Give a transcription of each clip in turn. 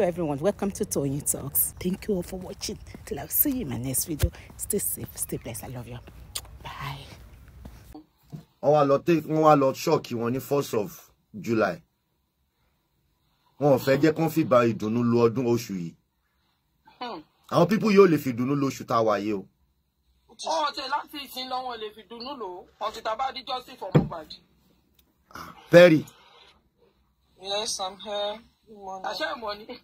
Hello everyone, welcome to Tony Talks. Thank you all for watching. Till I see you in my next video. Stay safe, stay blessed. I love you. Bye. Wọ́n wá lọ take wọ́n wá lọ ṣọ́ọ̀kì wọn ní first of July. Wọn ò fẹ́ jẹ́ kán fìgbà ìdùnnú lo ọdún oṣù yìí. Àwọn pípú yóò lè fi ìdùnnú lo oṣù tá a wà yìí o. Wọ́n ti láti ìsìn lọ́wọ́ lè fi ìdùnnú lò ó. Ọ̀sìn tàbá díjọ́ sí ìfọ̀mù bàjẹ́. Perry. Yes, I'm here. Good morning. I share money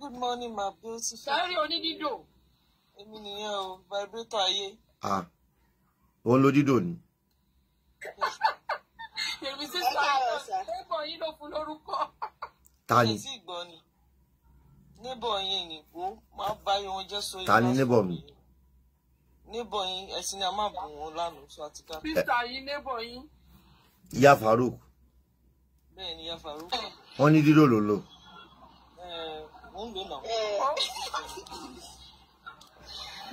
good morning my beautiful. sáré onídídò. èmi nìyẹn o vibrator ayé. ah òun ló dídò ni. èmi sì sọ àìsàn ẹ̀gbọ́n yín ló fún lórúkọ. ta ni. èsì ìgbọ́n ni níbọ̀ yín nìkó máa bá wọn jẹ́ sóyè. ta ni níbọ̀ mi. níbọ̀ yín ẹ̀sìn ni a máa bù wọn lánàá sọ àti ká. yín níbọ̀ yín. ìyá Farouk bẹ́ẹ̀ ni afaru. wọ́n ní dídò ló lò. mo ń lò náà.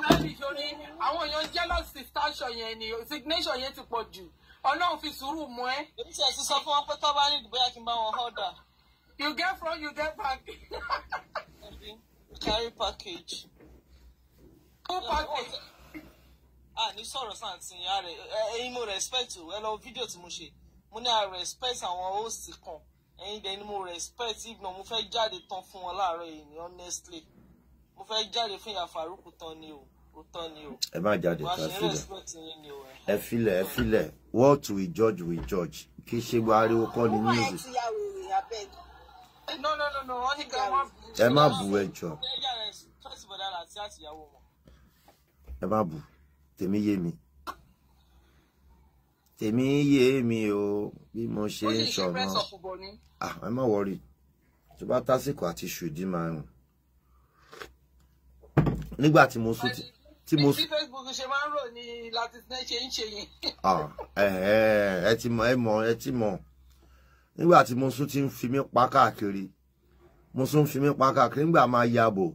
láti ìṣòrí àwọn èèyàn jẹ́lọ́sì táṣọ yẹn ni signation yẹn ti pọ̀ jù ọlọ́run fi sùúrù mọ́ ẹ́. èmi ṣe ti sọ fún wọn pé tó ní ìdìbò yá kí n bá wọn họ́dà. you get from you get back. carry package. full package. a ní sọ̀rọ̀ sáà tí ara ẹ̀ ẹ̀yin mo respect o ẹ lọ fídíò tí mo ṣe mo ní à respect àwọn host kan ẹ̀yin dẹ̀ ni mo respect if not mo fẹ́ jáde tán fún wọn láàárọ̀ yìí ni honestly mo fẹ́ jáde fún ìyá Faruku tán ni o òótọ́ ni o ẹ má jáde ká sílẹ̀ ẹ filẹ̀ ẹ filẹ̀ what we judge we judge kì í ṣe ariwo kọ́ ni news. ẹ má bù ẹ ẹ má bù tèmi yé mi tèmi yé mi o bí mo ṣe ń sọ̀rọ̀ ah, ẹ má wọrí tó bá tásìkò àti ṣùdí máa rùn nígbà tí mo sùn tí mo sùn. bí Facebook ṣe máa ń rò ní láti ṣe ń ṣe yẹn. Ah, ẹ ti mọ ẹ mọ ẹ ti mọ nígbà tí mo sùn ti ń fi mí pa káàkiri mo sùn ń fi mí pa káàkiri nígbà máa yàbò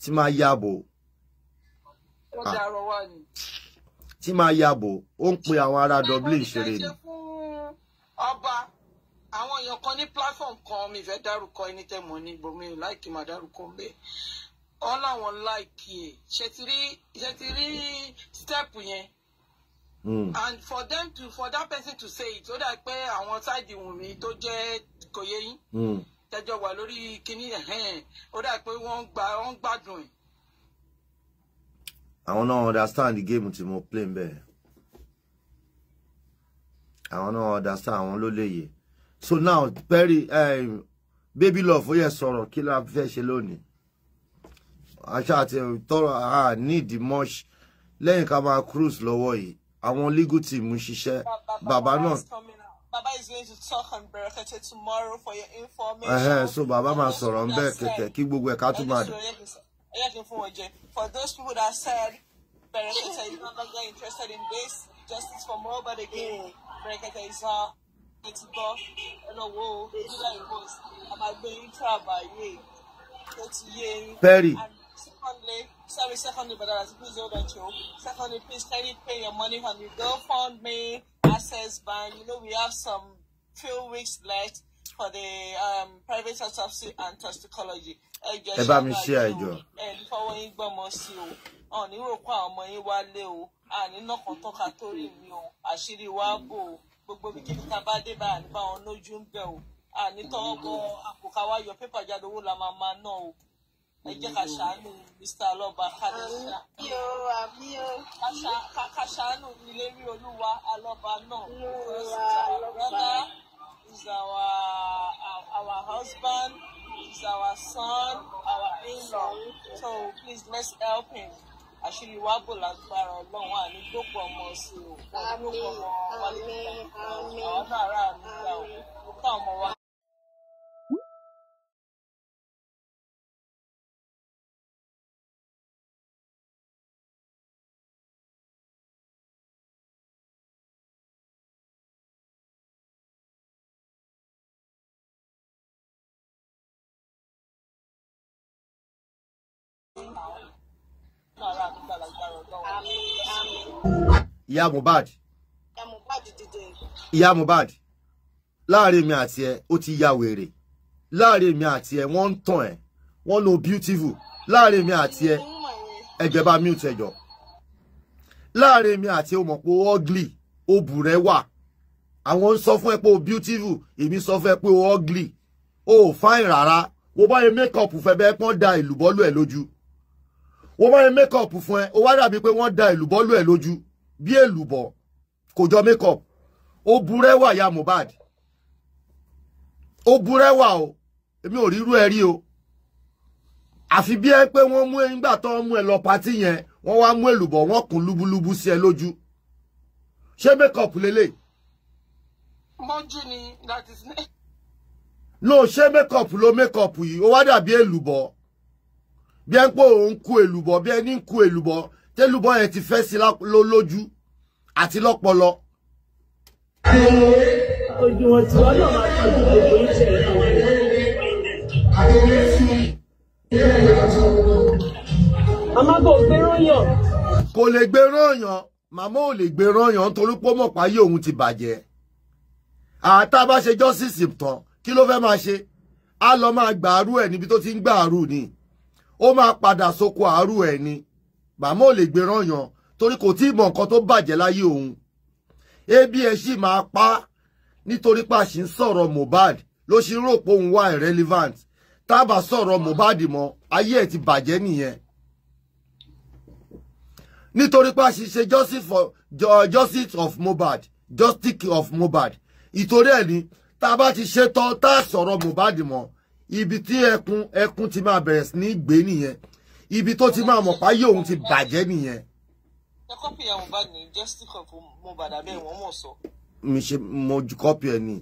tí máa yàbò. ó dàrọ ah. wá ni tí máa yàbò ó ń pe àwọn ará Dublin ṣeré ni. ọba àwọn èèyàn kan ní platform kan mi fẹ́ dárúkọ ẹni tẹ́ mọ̀ ní gbòmí láìkí máa dárúkọ ń bẹ́ẹ̀ ọ láwọn láìkí ẹ̀ ṣe ti rí step yẹn. Mm. and for them to for that person to say it ó dà pé àwọn sáìdì Wùnmí tó jẹ́ kò yé yín hmm. tẹjọ wà lórí kínní ẹ̀hẹ́n ó dà pé wọ́n ń gbádùn ẹ̀ àwọn náà understand the game tí mo play ń bẹ̀ àwọn náà understand àwọn ló lóye so now Perry um, baby love ó yẹ sọ̀rọ̀ kí la fẹ́ ṣe lónìí àṣà àti tọrọ a need much lẹ́yìn ká máa cruise lọ́wọ́ yìí àwọn legal team ń ṣiṣẹ́ bàbá náà. Baba is going to talk on Berekete tomorrow for your information. Uh -huh, so Baba máa sọ̀rọ̀ ń bẹ́ẹ̀ kẹ̀kẹ́ kí gbogbo ẹ̀ ká tún máa dùn. looking forward For those people that said Bereketa is no longer interested in this, justice for more, but again, Bereketa is not. It's buff, and a wall, you like was. Am I going to travel? Yeah. Very. And secondly, sorry, secondly, but that's please hold on to. Secondly, please kindly pay your money from your GoFundMe, Access Bank. You know, we have some few weeks left for the um, private autopsy and toxicology. ẹ bá mi ṣe àìjọ. ẹ ní fọwọ́ yín gbọ́mọ sí o ọ̀ ní àwọn ọmọ yín wálé o àní nọkàn tọ́ka tó rí mi o àṣírí wa bò o gbogbo bí kíbi bá dé báyà nípa àwọn lójú ń bẹ̀ o àní tọ́wọ́ bọ àpòká wa yọ pépà jáde owó la máa máa ná o ẹ jẹ́ ká ṣàánú Mr. alọ́ba kàdéṣà ká ṣàánú ìlérí olúwa alọ́ba náà brother is our He's our son, our in-law. So please let's help him. àṣírí wa bò lágbára ọlọ́run àní gbogbo ọmọ sí o. àmín àmín àmín àwọn náà rà nígbà o. ó ká ọmọ wa. ìyá Mohbad ìyá Mohbad láàrin mi àti ẹ ó ti ya wèrè láàrin mi àti ẹ wọ́n ń tàn ẹ wọ́n lo beautiful láàrin mi àti ẹ ẹgbẹ́ bá mute ẹ jọ láàrin mi àti ọmọ pé ugly obù rẹ wà àwọn ń sọ fún ẹ pé o beautiful èmi sọ fún ẹ pé o ugly o fine rárá wo báyìí make up fẹ́ bẹ́ẹ̀ pọ́n da ìlú bọ́lú ẹ lójú wọ́n máa ń make up fún ẹ ó wá dàbí pé wọ́n da èlùbọ́ lù ẹ́ lójú bí èlùbọ́ kò jọ make up ó burẹ́wà ya Mohbad ó burẹ́wà o èmi ò rírú ẹ rí o àfi bí ẹ pé wọ́n mú ẹ nígbà tó ń mú ẹ lọ patí yẹn wọ́n wá mú èlùbọ́ wọ́n kùn lúbúlúbú sí ẹ lójú ṣé make up lélẹ̀. mọ́jú ni that is. no ṣé make up ló make up yìí ó wá dàbí èlùbọ́ bí ẹ ń pò ń ku èlùbọ́ bí ẹ ní ń ku èlùbọ́ tẹ́lùbọ́ yẹn ti fẹ́ sí lójú àti lọ́pọlọ. òjòwọ̀n tí wọ́n náà máa tọ́jú gbogbo ìṣẹ̀lẹ̀ àwọn ẹ̀rọ. màmá kò gbé rányàn. kò lè gbé rányàn màmá ò lè gbé rányàn nítorí pé mọ̀pá yé òun ti bàjẹ́ àtà bá ṣe jọ́sìsì tán kí ló fẹ́ máa ṣe á lọ máa gbàárù ẹ̀ níbi tó ti ń gbàárù ni ó máa padà soko àárò ẹ̀ ni màmá ò lè gbé rányàn torí kò tí ì mọ nǹkan tó bàjẹ́ láyé òun ebi ẹ̀ sì máa pa nítorí pé a sì ń sọ̀rọ̀ Mohbad ló sì ń rò pé òun wà irrelevant tá a bá sọ̀rọ̀ Mohbad mọ́ ayé ẹ̀ ti bàjẹ́ nìyẹn nítorí pé a sì ṣe justice of Mohbad justice of Mohbad ìtorí ẹ̀ ni tá a bá ti ṣe tán tá a sọ̀rọ̀ Mohbad mọ́ ibi tí ẹkún ẹkún ti máa bẹ̀rẹ̀ sí ní gbé nìyẹn ibi tó ti máa mọ̀ páyé òun ti bàjẹ́ nìyẹn. ẹ kọ́pì ẹ̀ Mohbad ní justice of Mohbad abẹ́ ìwọ̀n mọ̀ sọ. mi ṣe mo kọ́pì ẹ̀ ní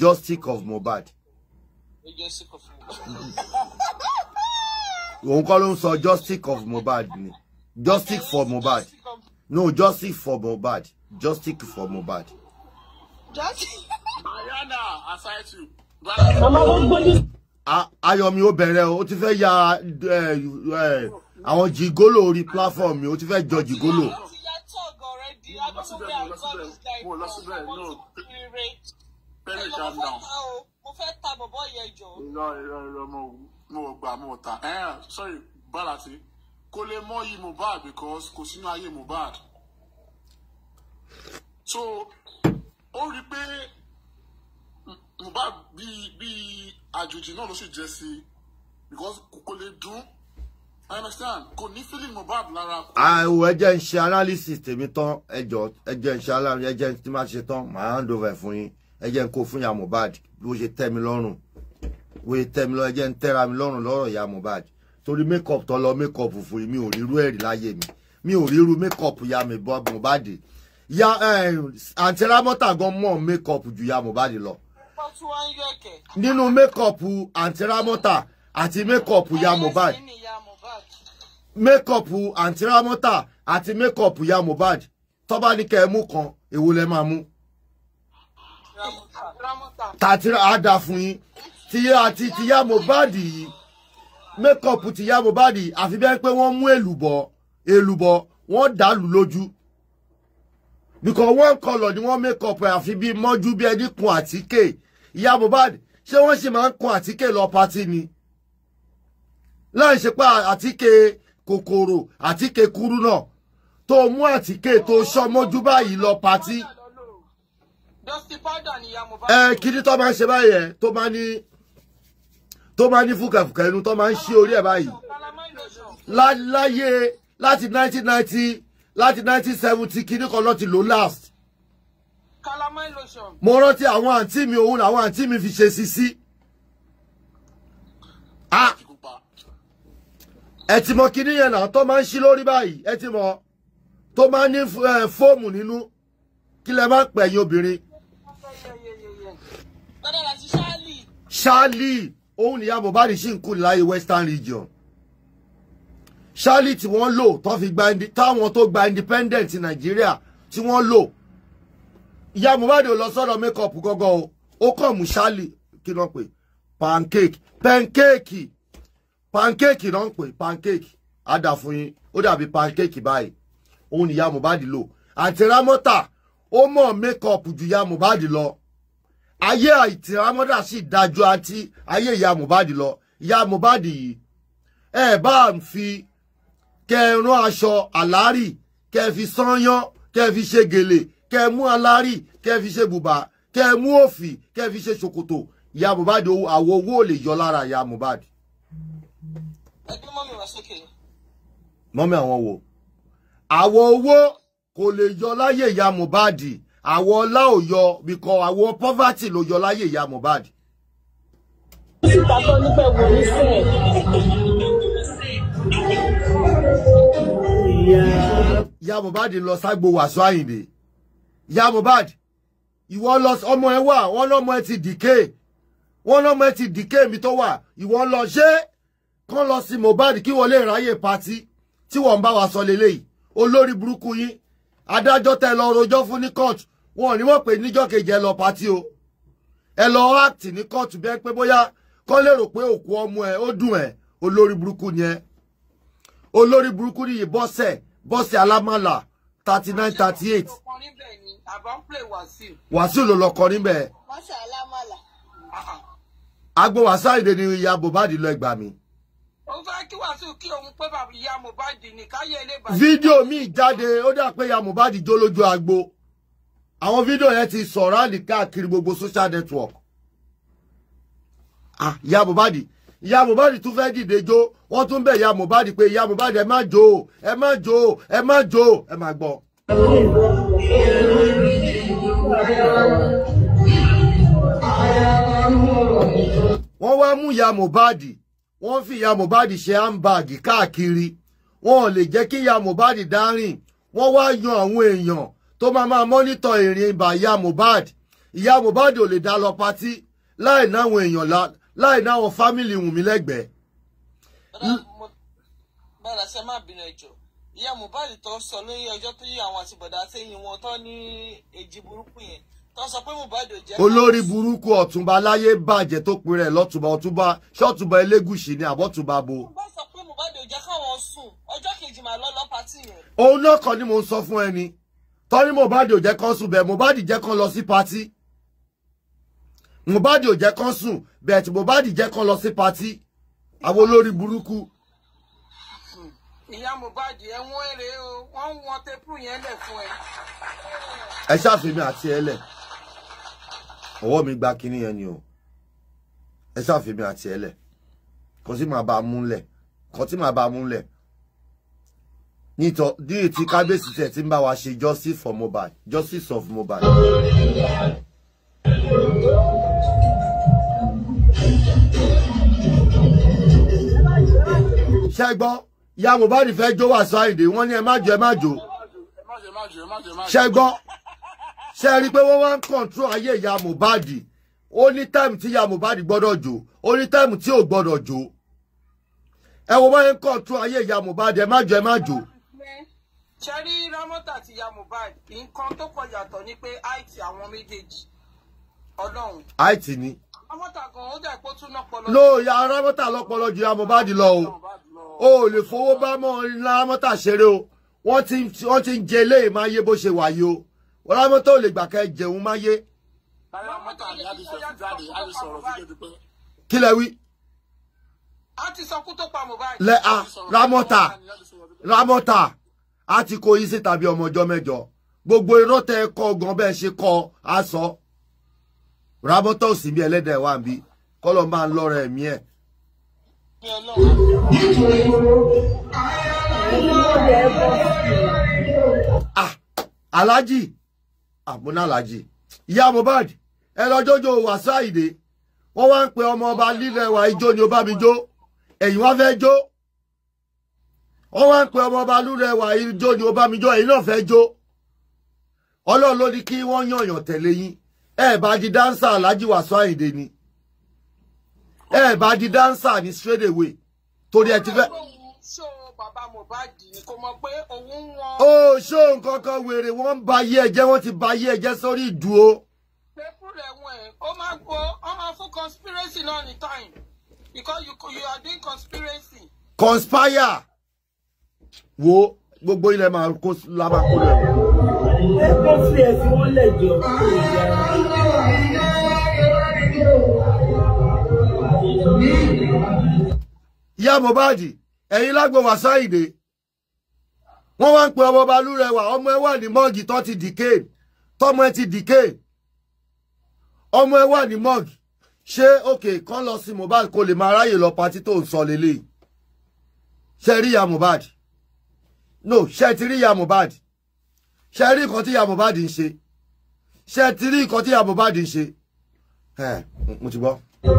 justice of Mohbad. justice of Mohbad. òun kọ́ ló ń sọ justice of Mohbad ni justice for Mohbad no justice for Mohbad justice for Mohbad. Ayana, aside you. Mama, what's going on? ayọ̀mí ó bẹ̀rẹ̀ o ti fẹ́ ya àwọn jìgólò orí platform mi ó ti fẹ́ jọ jìgólò. mo fẹ́ ta bọ̀bọ̀ yẹn kò lè mọ yìí Mohbad because kò sínú ayé Mohbad. so ó rí i pé Mohbad bíi bíi àjòjì náà ló sì jẹ́ sí i because kò lè dún I understand kò ní feeling Mohbad lára. àìwò ẹjẹ ń ṣe analysis tèmi tán ẹjọ ẹjẹ ń ṣe analysis ẹjẹ tí máa ṣe tán màá hand over fún yín ẹjẹ ń kó fún ya Mohbad bí ó ṣe tẹ́ mi lọ́rùn wo tẹ́ mi lọ́rùn ẹjẹ ń tẹ́ra mi lọ́rùn lọ́rọ̀ ya Mohbad torí make up tó lọ make up fún mi ò rírú ẹ̀rí láyé mi mi ò rírú make up ya Mohbad ya àǹtí Rámọ́tà gan mọ́ make up ju ya Mohbad lọ nínú mékọ̀pù àǹtí Rámọ́tà àti mékọ̀pù ya Mohbad mékọ̀pù àǹtí àti mékọ̀pù ya Mohbad tó bá ní kẹ́ ẹ mú kan èwo lẹ máa mú. tàti àdá fún yín ti àti ti ya Mohbad yìí mékọ̀pù ti ya Mohbad yìí àfi bẹ́ẹ̀ pé wọ́n mú èlùbọ̀ èlùbọ̀ wọ́n dàlù lójú because one colour ni wọ́n make up àfi bíi mọ́jú bíi ẹni kun àtíkè ìyá Mohbad ṣé wọ́n sì máa ń kun àtíkè lọ patí ni láì ṣe pé àtíkè kòkòrò àtíkè kúrú náà tó mú àtíkè tó ṣọmọjú báyìí lọ patí. ẹ kíni tó máa ń ṣe báyẹn tó máa ní tó máa ní fúkàfùkà inú tó máa ń ṣí orí ẹ báyìí láyé láti nineteen láti nineteen kíní kan ló ti lò last calamine lotion. mo rántí àwọn àǹtí mi òun làwọn àǹtí mi fi ṣe sisi. ẹ ti mọ kinní yẹn náà tó máa ń ṣí lórí báyìí ẹ ti mọ tó máa ń ní fóòmù nínú kí lẹ máa ń pè yín obìnrin. ṣáàlì òun nìyá Mohbad ṣì ń kú láyé western region ṣáàlì tí wọ́n lò táwọn tó gba independent Nàìjíríà tí wọ́n lò ìyá Mohbad ò lọ sọ́dọ̀ makeup gọ́gọ́ o ó kàn mú ṣáàlì kí ló ń pè pancake pancake pancake ló ń pè pancake ada dà fún yín ó dàbí pancake báyìí òun ni ìyá Mohbad lò àti Rámọ́tà ó mọ̀ makeup ju ìyá Mohbad lọ ayé àìtì Rámọ́tà sì dájú àti ayé ìyá Mohbad lọ ìyá Mohbad yìí ẹ bá ń fi kẹrún aṣọ àlárì kẹ fi sányán kẹ fi ṣe gèlè kẹ mú alárì kẹ fi ṣe bùbá kẹ mú òfì kẹ fi ṣe ṣòkòtò ìyá Mohbad àwọ owó lè yọ lára ìyá Mohbad. ẹgbẹ́ mọ́mí wá sókè. mọ́mí àwọn wo àwọ owó kò lè yọ láyé ìyá Mohbad àwọ ọlá ò yọ bìkọ́ àwọ poverty ló yọ láyé ìyá Mohbad. ìyá Mohbad lọ ságbo wàásù àyìndé ìyá Mohbad ìwọ lọ ọmọ ẹ wà wọn lọmọ ẹ ti dìke wọn lọmọ ẹ ti dìke mi tó wà ìwọ lọ ṣe kán lọ sí Mohbad kí wọ́n lè ráyè patí tí wọ́n ń bá wa sọ lélẹ́yìí olórí burúkú yín adájọ́ tẹ lọ rojọ́ fún ní court wọn ní wọ́n pè níjọ́ kejì ẹ lọ patí o ẹ lọ act ní court bẹ́ẹ̀ pé bóyá kán lérò pé òkú ọmọ ẹ ó dùn ẹ olórí burúkú ni olórí burúkú nìyí bọ́sẹ̀ bọ́sẹ̀ alámàlà thirty nine thirty eight. wàsíù ló lọkọ níbẹ̀. agbo wàsíù àyìndé ni ìyá Mohbad lọ ẹgbà mi. ó fẹ́ kí wàsíù kí òun pé bàbá ìyá Mohbad ní káyé ilé bàbá. fídíò míì jáde ó dà pé ìyá Mohbad jó lójú agbo àwọn fídíò yẹn ti sọ̀rọ̀ àdìkáàkiri gbogbo social network. ah ìyá Mohbad ìyá Mohbad tún fẹ́ dìde jó wọ́n tún bẹ̀ ìyá Mohbad pé ìyá Mohbad ẹ má jó o ẹ má jó o ẹ má jó o ẹ má gbọ́. wọ́n wá mú ìyá Mohbad wọ́n fi ìyá Mohbad ṣe ámbàgì káàkiri wọn ò lè jẹ́ kí ìyá Mohbad dárìn wọ́n wá yan àwọn èèyàn tó máa máa mọ́nítọ̀ ìrìn ìbà ìyá Mohbad ìyá Mohbad ò lè dá lọ patí láì náwọn èèyàn láì náwọn fámìlì wùn mí lẹ́gbẹ̀ẹ́. bọ́dà ṣe má bínú ẹjọ́ ìyá Mohbad tó sọ lórí ọjọ́ tó yí àwọn àti bọ̀dà àtẹ̀yìn wọn tó ní èjì burúkú yẹn tó sọ pé Mohbad ò jẹ́. olórí burúkú ọ̀túnba láyé bàjẹ́ tó pin rẹ̀ lọ́túnba ọ̀túnba ṣọ́ọ̀túnba elégùsì ni àbọ̀túnba bo. wọ́n sọ pé Mohbad ò jẹ́ káwọn sùn ọjọ́ kejì màá lọ lọ pátì yẹn. òun náà kọ́ ni mò ń sọ fún ẹni torí Mohbad ò jẹ́ kán sùn bẹ́ẹ̀ Mohbad jẹ́ kán lọ sí pátì. Mohbad ò jẹ́ kán sùn bẹ́ẹ̀ tí Mohbad jẹ́ kán lọ sí patí àwọn olórí burúkú. ìyá Mohbad ẹ̀wọ̀n èrè o wọ́n ń wọn tẹ́pù yẹn lẹ̀ fún ẹ. ẹ ṣàfihàn àti ẹ lẹ ọwọ́ mi gba kinní yẹn ni o ẹ ṣàfihàn àti ẹ lẹ kan tí màá bá mú lẹ kan tí màá bá mú lẹ nítorí tí kábíyèsí tẹ̀ tí ń bá wa ṣe justice for mobile. justice of Mohbad. ṣe gbọ́ ìyá Mohbad fẹ́ jó wà sáyìndé wọ́n ní ẹ má jó ẹ má jó ṣe gbọ́ ṣe rí i pé wọ́n wá ń kọ̀ǹtró ayé ìyá Mohbad ó ní táìmù tí ìyá Mohbad gbọ́dọ̀ jó ó ní táìmù tí ò gbọ́dọ̀ jó ẹ wo báyẹn kọ̀ǹtró ayé ìyá Mohbad ẹ má jó ẹ má jó ṣẹ́rí rámọ́tà àti ìyá Mohbad nǹkan tó kọ yàtọ̀ ni pé àìtì àwọn méjèèjì ọlọ́run. àìtì ni. rámọ́tà gan ó dà pé ó tún lọ́pọlọ. lóòyà rámọ́tà lọ́pọlọ ju ìyá Mohbad o ò lè fowó bá mọ́ lámọ́tà ṣeré o wọ́n ti wọ́n ti ń jẹ eléyìí máa yé bó ṣe wà yìí o wọ́n lámọ́tà ò lè gbà kẹ́ jẹun máa yé. kí lẹ wí. a ti sọ kú tó pa Mohbad. lẹ a Ramọ́tà Ramọ́tà a ti kó yín sí tàbí ọmọ ọjọ́ mẹ́jọ gbogbo irọ́ tẹ ẹ kọ gan bẹ́ẹ̀ ṣe kọ a sọ ò sí bí ẹlẹ́dẹ̀ wà bí kọ́lọ́ máa ń lọ́rọ̀ ẹ̀mí ẹ̀. alájì àmúná alájì ìyá Mohbad ẹ lọ jójó wọ́n wá ń pe ọmọ ọba lílẹwà ijó ni ó bá mi jó ẹ̀yin wá jó wọ́n wá ń pe ọmọ ọba ijó ni ó bá mi jó náà fẹ́ jó Ọlọ́run kí wọ́n yànyàn tẹ̀lé yín ẹ bá di dáńsà ni ẹ bá di dáńsà ní straight away torí ẹ ti fẹ́. ṣó ni kò mọ̀ pé òun ń wọn. ó ṣó nǹkan kan wèrè wọ́n ń ba ayé ẹ jẹ́ wọ́n ti ba ayé ẹ jẹ́ sórí ìdúró. pẹ̀kú rẹ̀ wọ̀n ẹ̀ ó máa fún conspiracy náà ní time because you, you are doing conspiracy. conspire wo gbogbo ilẹ̀ máa kó lábàkúrẹ̀. ẹ kó fi ẹ̀sìn wọn lẹ̀ jọ. ìyá Mohbad ẹ̀yin lágbo wàsáìdè wọ́n wá ń pe ọmọ balúrẹwà ọmọ ẹ wà ní mọ́ọ̀gì tó ti dìké tọmọ ẹ ti dìké ọmọ ẹ wà ní mọ́ọ̀gì ṣé òkè kan lọ sí Mohbad kó lè máa ráyè lọ patí tó ń sọ lélẹ̀ ṣe rí ìyá Mohbad no ṣe ti rí ìyá Mohbad ṣe rí nǹkan tí ìyá Mohbad ń ṣe ṣe ti rí nǹkan tí ìyá Mohbad ń ṣe mo ti gbọ́. I'm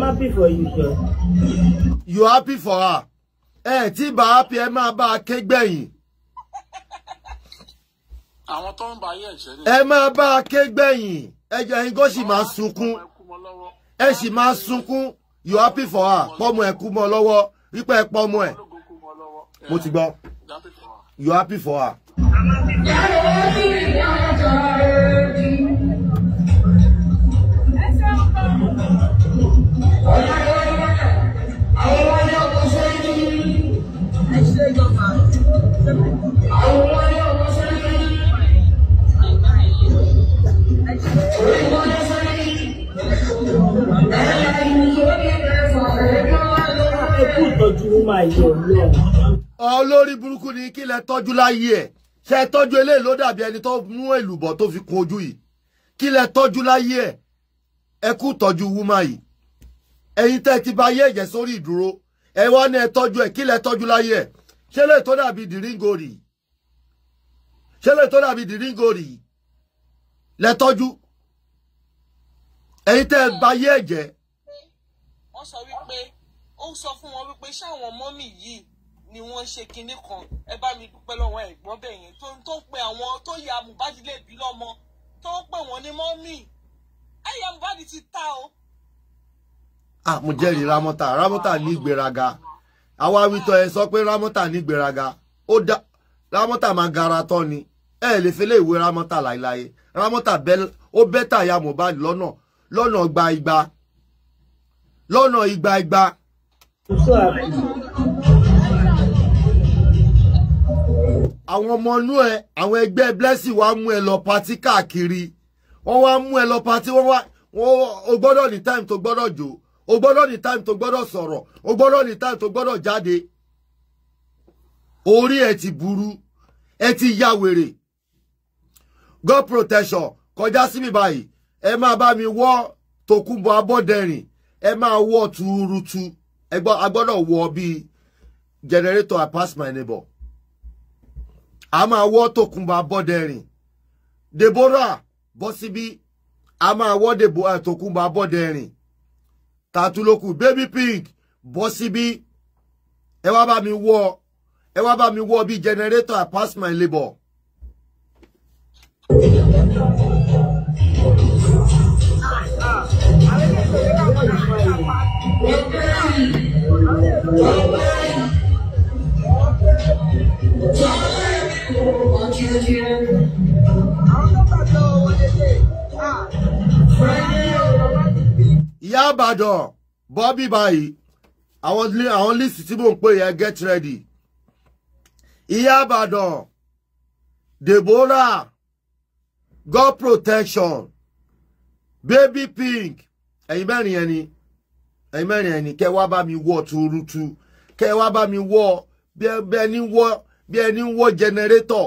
happy for you, sir. You happy for her? Ẹ tí bá happy ẹ máa bá a ké gbẹ̀yìn. Àwọn tó ń bá ayé ẹ̀ṣẹ́ ni. Ẹ máa bá a ké gbẹ̀yìn. Ẹ jẹ́ yín kó sì máa sunkún ẹ sì máa sunkún you happy for her pọ́mọ ẹ̀ kú mọ́ lọ́wọ́ wípé ẹ pọ́mọ ẹ̀ mo ti gbọ́ you happy for her. I want tọ́jú wúmà yìí ọlọ́run. olórí burúkú ni kí lẹ tọ́jú láyé ẹ̀ ṣe é tọ́jú eléyìí ló dàbí ẹni tó mú èlùbọ́ tó fi kun ojú yìí kí lẹ tọ́jú láyé ẹ̀ ẹ kú tọ́jú wúmà yìí ẹ̀yin tẹ́ ti bà ayé ẹ̀jẹ̀ sórí ìdúró ẹ wá ní ẹ tọ́jú ẹ̀ kí lẹ tọ́jú láyé ẹ̀ ṣé lè tó dàbí dìríngorì ṣé lè tó dàbí dìríngorì lẹ tọ́jú ẹ̀yin tẹ́ bà ayé ẹ̀jẹ̀. wọ́n sọ wípé sọ fún wọn wípé ṣé àwọn mọ́mì yìí ni wọ́n ṣe kinní kan ẹ bá mi dúpẹ́ lọ́wọ́ ẹ̀gbọ́n bẹ̀ yẹn tó ń tó pe àwọn tó ya Mohbad lè bí lọ́mọ tó ń pè wọ́n ní mọ́mì ẹ̀yà Mohbad ti ta o. a ah, mo jẹ́rìí Ramọ́ta Ramọ́ta ní ìgbéraga àwa wítọ́ ẹ sọ pé Ramọ́ta ní ìgbéraga ó dá Ramọ́ta máa gara tọ́ ni ẹ lè fi lè wé Ramọ́ta láéláé ó bẹ́tà ya Mohbad lọ́nà lọ́nà gba igba lọ́nà igba igba so happy. àwọn ọmọ inú ẹ àwọn ẹgbẹ́ blessing wàá mú ẹ lọ patí káàkiri wọ́n wá mú ẹ lọ patí wọ́n wá o gbọ́dọ̀ ní time tó gbọ́dọ̀ jò o gbọ́dọ̀ ní time tó gbọ́dọ̀ sọ̀rọ̀ o gbọ́dọ̀ ní time tó gbọ́dọ̀ jáde orí ẹ ti burú ẹ ti ya wèrè god protection kọjá sí mi báyìí ẹ máa bá mi wọ́ Tòkunbọ̀ Abọ́dẹrìn ẹ máa wọ́ tuurutu ẹgbọ́ agbọ́dọ̀ wọ bíi generator I pass my neighbor a máa wọ́ Tòkunbọ̀ Abọ́dẹrìn Deborah bọ́ síbí a máa wọ́ eh, Tòkunbọ̀ Abọ́dẹrìn tàtúlókù baby pig bọ́ síbí ẹ wá bá mi wọ́ ẹ wá bá mi wọ́ bíi generator I pass my neighbor. ìyá àbàdàn bọ́bí báyìí àwọn lísì tí mò ń pè yẹn get ready ìyá àbàdàn deborah god protection baby pink ẹ̀yin mẹ́rin yẹn ni ẹ̀yin mẹ́rin yẹn wá bá mi wọ́ tuurutu kẹ́ wá bá mi wọ́ bí ẹni wọ́ bí ẹni wọ́ jẹnẹrétọ̀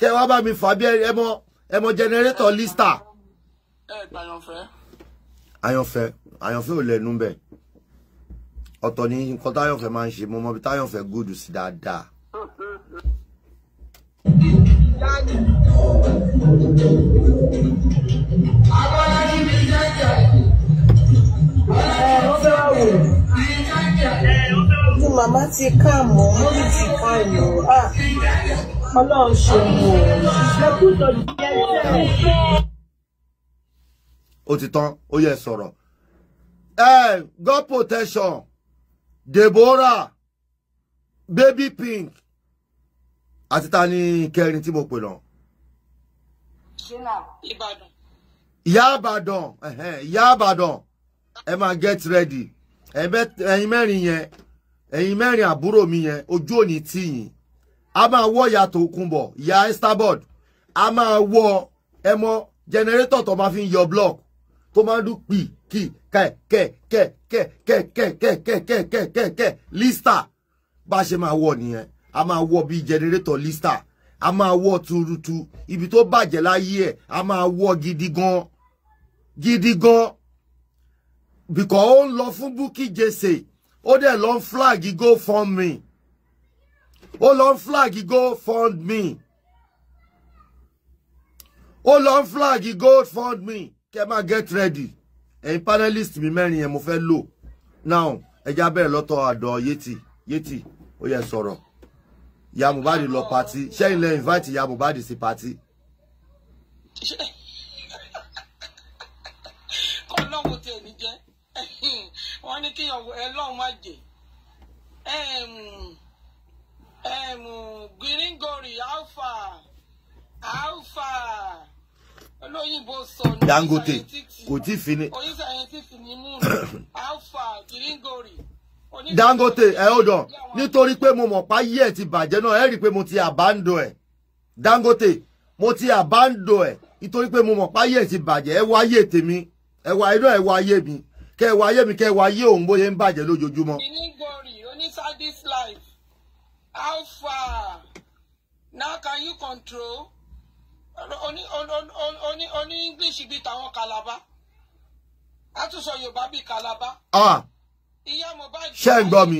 kẹ́ wá bá mi fà bí ẹmọ ẹmọ jẹnẹrétọ̀ lísítà. àyànfẹ́ àyànfẹ́ ò lẹ́nu bẹ́ẹ̀ ọ̀tọ̀ ni nǹkan táyọ̀fẹ́ máa ń ṣe mo mọ bí táyọ̀fẹ́ gòdù sí dáadáa. Agbára ní mi jẹ́jẹ́ ní màmá ti ká mọ́ mọ́mí ti ká lò á ọlọ́run ṣe wò ó. ó ti tán ó yẹ sọ̀rọ̀ ẹ God protection Deborah baby pink àti ta ni kẹrin tí mo pè lọ. Ìbàdàn. ìyá Ìbàdàn ìyá Ìbàdàn ẹ máa get ready ẹ̀yin mẹ́rin yẹn ẹ̀yin mẹ́rin àbúrò mi yẹn ojú òní tì yín a máa wọ ìyá Tòkunbọ̀ ìyá Estabod a máa wọ ẹmọ jẹnẹrétọ̀ tó máa fi ń yọ block tó máa ń dún pì kì kẹ kẹ kẹ kẹ kẹ kẹ kẹ kẹ kẹ kẹ kẹ kẹ lista bá a ṣe máa wọ nìyẹn a máa wọ bíi jẹnẹrétọ̀ lista a máa wọ tuurutu ibi tó bàjẹ́ láyé ẹ̀ a máa wọ gidi gan gidi gan because ó ń lọ fún Bukky Jesse ó dẹ̀ lọ ń flag go fund me ó lọ ń flag go fund me ó lọ ń flag go fund me kẹ́ máa get ready ẹ̀yin panelist mi mẹ́rin yẹn mo fẹ́ lò now ẹja bẹ̀rẹ̀ lọ́tọ̀ àdọ̀ yétì yétì ó yẹ sọ̀rọ̀ ìyá Mohbad lọ party ṣẹ́yìn lẹ́ invite ìyá Mohbad sí party. ọlọ́run tẹ̀ mí wọ́n ní kíyàn ẹlọ́run má jẹ́ gíríngòrì alpha alpha olóyìnbó sọ ní Dangote kò tí fi ní múnú alpha gíríngòrì. Dangote ẹ hold on nítorí pé mo mọ̀ páyé ẹ̀ ti bàjẹ́ náà ẹ rí i pé mo ti àbándo ẹ̀ Dangote mo ti àbándo ẹ̀ nítorí pé mo mọ̀ páyé ẹ̀ ti bàjẹ́ ẹ wáyé tèmi ẹ wá irú ẹ wáyé mi kẹ́ wá ayé mi kẹ́ wá ayé òun bóyá ń bàjẹ́ lójoojúmọ́. ìnígbòrì oní service life how far now can you control oní oní oní english bíi tàwọn kalaba a tún sọ yorùbá bíi kalaba. Ah. ìyá Mohbad ṣe ń gbọ́ mi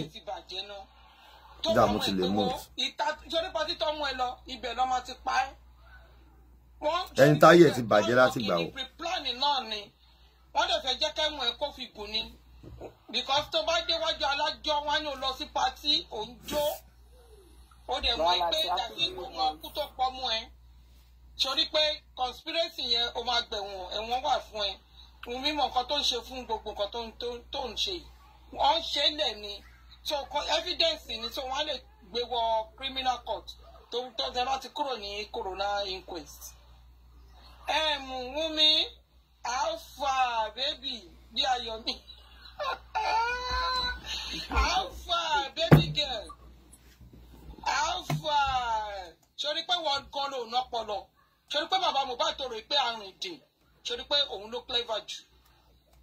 dààmú ti lè mú. ìtàjọ́nípa títọ́ mú ẹ lọ ibẹ̀ lọ́mọ ti pa ẹ́. ẹni táyé ti bàjẹ́ láti gbà ó wọ́n dẹ̀ fẹ́ jẹ́ kẹ́wọ̀n ẹ̀ kó fi gùn ni because tó bá déwájú alájọ wọn ni ò lọ sí patí ò ń jó ó dẹ̀ mọ̀ pé ìdásí ìgbìmọ̀ kú tó pọ̀ mú ẹ sori pé conspiracy yẹn o máa gbẹ̀wọ̀n ẹ̀wọ̀n wà fún ẹ òun mímọ̀ nǹkan tó ń ṣe fún gbogbo nǹkan tó ń ṣe wọ́n ṣe lẹ̀ ni so evidence ni so wọ́n lè gbé wọ criminal court tó tó ṣe láti kúrò ní corona inquest. ẹ mú Wúmi. Um, alpha baby bí ayọ̀ mi alpha baby girl alpha sori pé wọn gan ló ná pọlọ sori pé bàbá Mohbad tó rò pé àrùn ìdè sori pé òun ló clever jù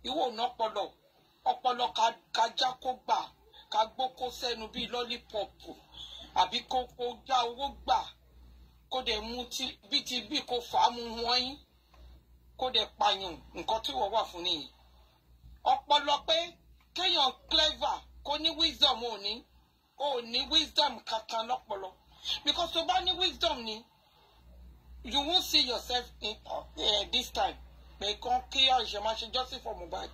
ìwọ ò ná pọlọ ọpọlọ kájá kó gbà ká gbókó sẹ́nu bíi lọ́lípọ̀pù àbí kó já owó gbà kó dẹ̀ mú bí ti bí kó fà á mu kó dẹ̀ pààyàn nǹkan tí wọ́n wà fún nìyí ọpọlọ pé kéèyàn clever kó ní wisdom ò ní ò ní wisdom kankan lọ́pọlọ because tó bá ní wisdom ni you won't see yourself in uh, this time pé kán kí ọ̀ṣẹ̀ máa ṣe justice for Mohbad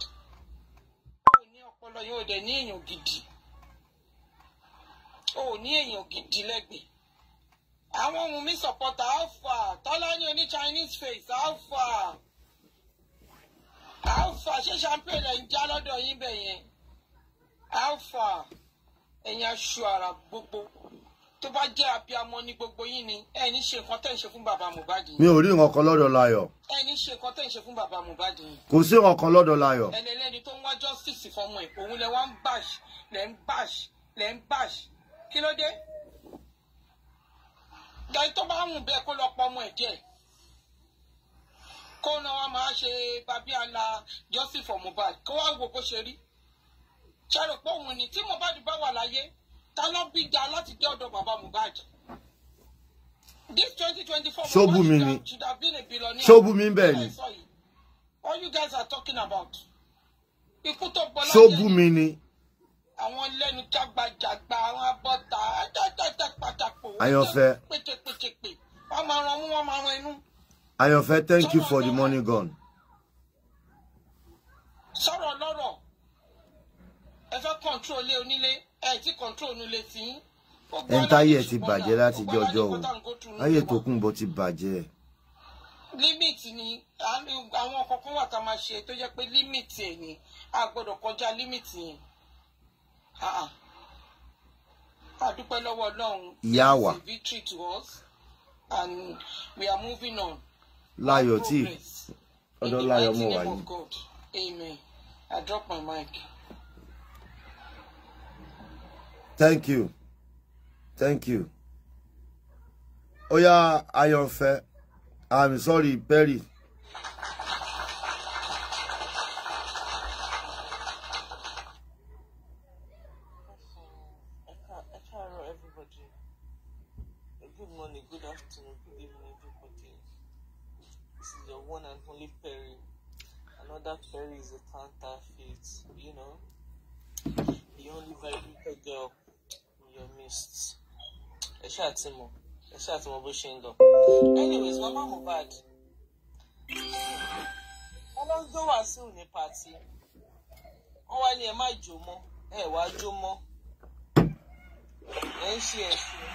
ò ní ọpọlọ yóò dẹ̀ ní èèyàn gidi ò ní èèyàn gidi lẹ́gbẹ̀ẹ́ àwọn ohun mi sọ̀pọ̀tà alpha tọ́lá ní oní Chinese face alpha alpha ṣé champagne ẹ̀ ń já lọ́dọ̀ yín bẹ̀ yẹn alpha ẹ̀yin aṣọ ara gbogbo tó bá jẹ́ abiyamọ ni gbogbo yín ni ẹ̀ ní ṣe nǹkan tẹ̀ ń ṣe fún bàbá Mohbad yìí. mi ò rí nǹkan kan lọ́dọ̀ Láyọ̀. ẹ̀ ní ṣe nǹkan tẹ̀ ń ṣe fún bàbá Mohbad yìí. kò sí nǹkan kan lọ́dọ̀ Láyọ̀. ẹnìlẹ́ni tó ń wá justice fọmọ ẹ̀ òun lẹ wá ń bash lẹ ń bash lẹ ń bash kí ló dé. gàdí tó bá ń mú bẹ́ẹ̀ kó lọ pọ ọmọ ẹ̀ díẹ̀ kó náà wá máa ṣe babi ala justice for kó wá wo bó ṣe rí ṣàrò pé òun ni tí Mohbad bá wà láyé ta ló bí da láti dé ọ̀dọ̀ bàbá Mohbad this twenty twenty four ṣóbù mi ni ṣóbù mi bẹ́ẹ̀ ni all you guys are talking about ikú tó gbọ́ láyé ṣóbù mi ni àwọn lẹ́nu jágbajàgba àwọn abọ́ta àjàjàjà pàtàkó àyànfẹ́ pétépétépé wọ́n máa ran mú wọ́n máa ran inú. I have Ayọ̀fẹ́, thank you for the money gone. Sọ̀rọ̀ lọ́rọ̀. Ẹ fẹ́ control ilé onílé, ẹ ti control onílé tí. Ẹntáyé ti bàjẹ́ láti jọjọ́ o. Ayé tó kún bó ti bàjẹ́. Límìtì ni àwọn kọ̀ọ̀kan wà tá a máa ṣe tó jẹ́ pé límìtì ẹ̀ ni a gbọ́dọ̀ kọjá límìtì yẹn. Ah, ah. A dúpẹ́ lọ́wọ́ Ọlọ́run. Ìyá wa. Victory to us and we are moving on láyọ̀ tí ọ̀dọ̀ láyọ̀ mọ̀ wá yìí. Amen. I drop my mic. Thank you. Thank you. Oya Ayọ̀fẹ́, I'm sorry, Perry. Tyler Perry is a counterfeit, you know. The only vibrant girl in your midst. Ẹ ṣáà ti mọ̀, ẹ ṣáà ti mọ̀ bó ṣe ń Anyways, Mama Mohbad, wọ́n lọ ń gbé Wàsíù ní pàtí. Wọ́n wá ní ẹ má jó mọ́, ẹ wá jó mọ́. Ẹ ń ṣe ẹ̀sìn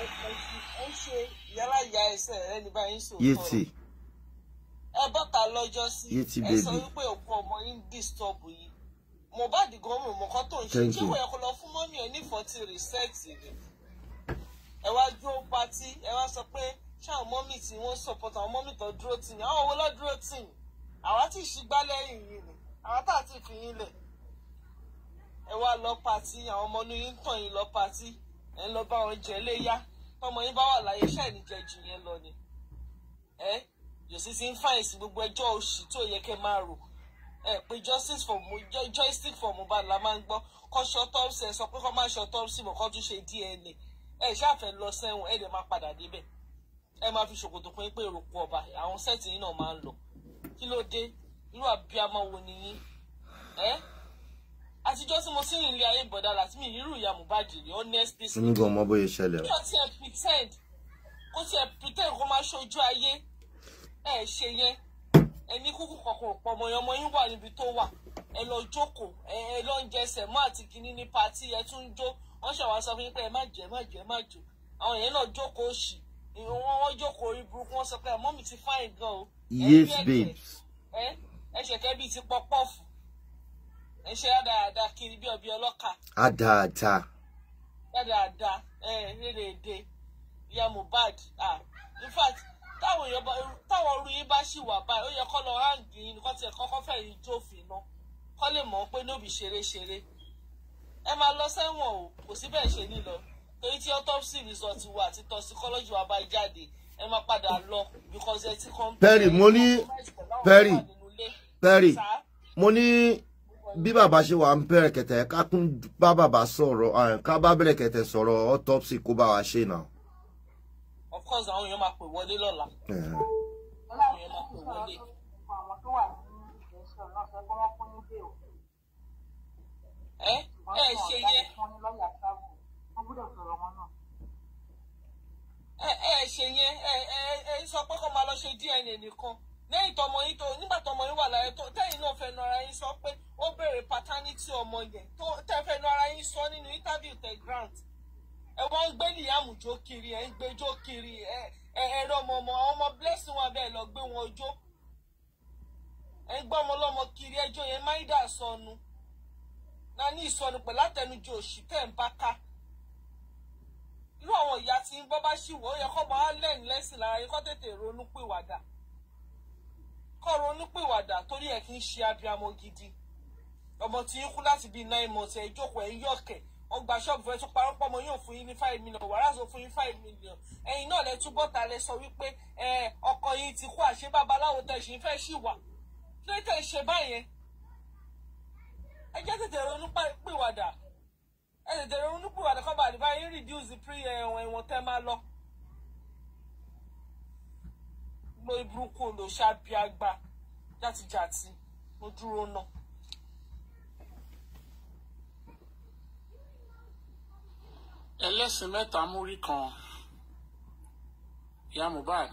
ẹ ń ṣe ìyálàyà ẹ bọ́ta sí ẹ sọ wípé òkú ọmọ yín disturb yìí Mohbad gan mo mọ kán tó ń ṣe kí wọ́n yẹ lọ fún mọ́mí ẹ ní forty reset ni ẹ wá jó patí ẹ wá sọ pé ṣé àwọn mọ́mí tí wọ́n support àwọn mọ́mí tó dúró tì ní àwọn owó dúró tì ní àwa tí ìṣígbá lẹ́yìn ni àwa tá àti fi yín lẹ̀ ẹ wá lọ patí àwọn ọmọ inú yín tàn yín lọ patí ẹ ń lọ bá wọn jẹ léyà tọmọ yín bá wà láyé ṣáà ní jẹ jù yẹn lọ ni yòsísì ń fàyèsí gbogbo ẹjọ́ òṣì tó yẹ kẹ́ máa rò ẹ pé justice for joystick for Mohbad la máa ń gbọ́ kọ́ ṣọ́tọ́ọ̀sì ẹ sọ pé kọ́ máa ṣọ́tọ́ọ̀sì mọ̀ kọ́ tún ṣe DNA ẹ ṣáà lọ sẹ́wọ̀n ẹ dẹ̀ máa padà débẹ̀ ẹ máa fi ṣòkòtò pé pé èròkù ọba àwọn sẹ́ẹ̀tì yìí náà máa ń lọ kí ló dé irú àbíamọ wo nìyí ẹ àtijọ́ tí mo ti rìn ayé bọ̀dá láti mi irú ìyá Mohbad rí honestly. mi gan ọmọ bóyá ṣẹlẹ̀ o. kí o tiẹ̀ pretend kó tiẹ̀ pretend kó máa ṣojú ayé ẹ ṣe yẹn ẹni kúkú kankan pọ̀ ọmọ ọmọ yín wà níbi tó wà ẹ lọ jókòó ẹ lọ ń jẹsẹ̀ mọ́ àti kínní ní patí ẹ tún jó wọ́n ṣàwá sọ fún yín pé ẹ má jẹ́ má jẹ́ má jò àwọn yẹn náà jókòó ṣì wọ́n wọ́n jókòó orí burúkú wọ́n sọ pé ẹ̀mọ́ mi ti fáìn gan o. yes babes. ẹ ẹ ṣẹ̀kẹ́ bíi ti pọ́pọ́ọ̀fù ẹ ṣe dáadáa kiri bí ọbẹ̀ ọlọ́kà. àdáadá. dáadáa ẹ ẹ lédèédé ìyá Mohbad ah in fact táwọn èèyàn bá táwọn orí yín bá ṣì wà báyìí ó yẹ kọ́ lọ hàǹdì yín tiẹ̀ kọ́kọ́ fẹ́ yín jófin náà kọ́ lè mọ̀ pé nóbì ṣeréṣeré ẹ máa lọ sẹ́wọ̀n o kò sí bẹ́ẹ̀ ṣe nílọ torí tí autopsy result wa àti toxicology wa bá jáde ẹ máa padà lọ because ẹ ti kàn. Perry mo ní Perry Perry mo ní bí bàbá ṣe wà ń bẹ̀rẹ̀ kẹ̀tẹ̀ ká bàbá sọ̀rọ̀ ká bá bẹ̀rẹ̀ kẹ̀tẹ̀ sọ̀rọ̀ autopsy kó bá wa ṣe náà of course àwọn èèyàn máa pè wọlé lọ́la. ẹ ẹ ṣe yẹ. ẹ ẹ ṣe yẹn ẹ ẹ ẹ sọ pé kó máa lọ ṣe DNA nìkan lẹ́yìn tọmọ yín tó nígbà tọmọ yín wà láyé tó tẹ̀yin náà fẹnu ara yín sọ pé ó béèrè paternity ọmọ yẹn tó tẹ fẹnu ara yín sọ nínú interview tẹ grant ẹ wọ́n ń gbé Liam jó kiri ẹ ń gbé jó kiri ẹ ẹ rọmọ ọmọ ọmọ blessing wọn bẹ́ẹ̀ lọ gbé wọn jó ẹ ń gbọ́ ọmọ ọlọ́mọ kiri ẹjọ́ yẹn máìdá sọnù na ní ìsọnù pẹ̀lú àtẹnujọ òṣì tẹ̀ ń bá ká irú àwọn ìyá tí ń bọ́ bá ṣì wọ́ yẹ kọ́ máa lẹ́yìn lẹ́sìn lára yẹn kọ́ tètè ronú pìwàdà kọ́ ronú pìwàdà torí ẹ̀ kì í ṣe abiyamọ gidi ọmọ tí ń kú láti bíi nine months ẹ̀ jókòó ẹ̀ ń yọ̀kẹ̀ wọ́n gba ṣọ́ọ̀bù fún ẹ tó parọ́ pọ́ yóò fún yín ní five million wàrà sọ fún yín five million ẹ̀yin náà lẹ túbọ̀ ta lẹ sọ wípé ọkọ yín ti kú àṣẹ babaláwo tẹ ṣì ń fẹ́ ṣì wà kí ló tẹ̀ ṣe báyẹn ẹ jẹ́ tètè ronú pìwàdà ẹ tètè ronú pìwàdà kọ́ bá àdìbá yín reduce pre ẹ̀wọ̀n ẹ̀wọ̀n tẹ́ máa lọ. lo ibùrúkú lò ṣáà bí agbá játijàti mo dúró náà. ẹlẹ́sìn mẹ́ta múrí kan ìyá Mohbad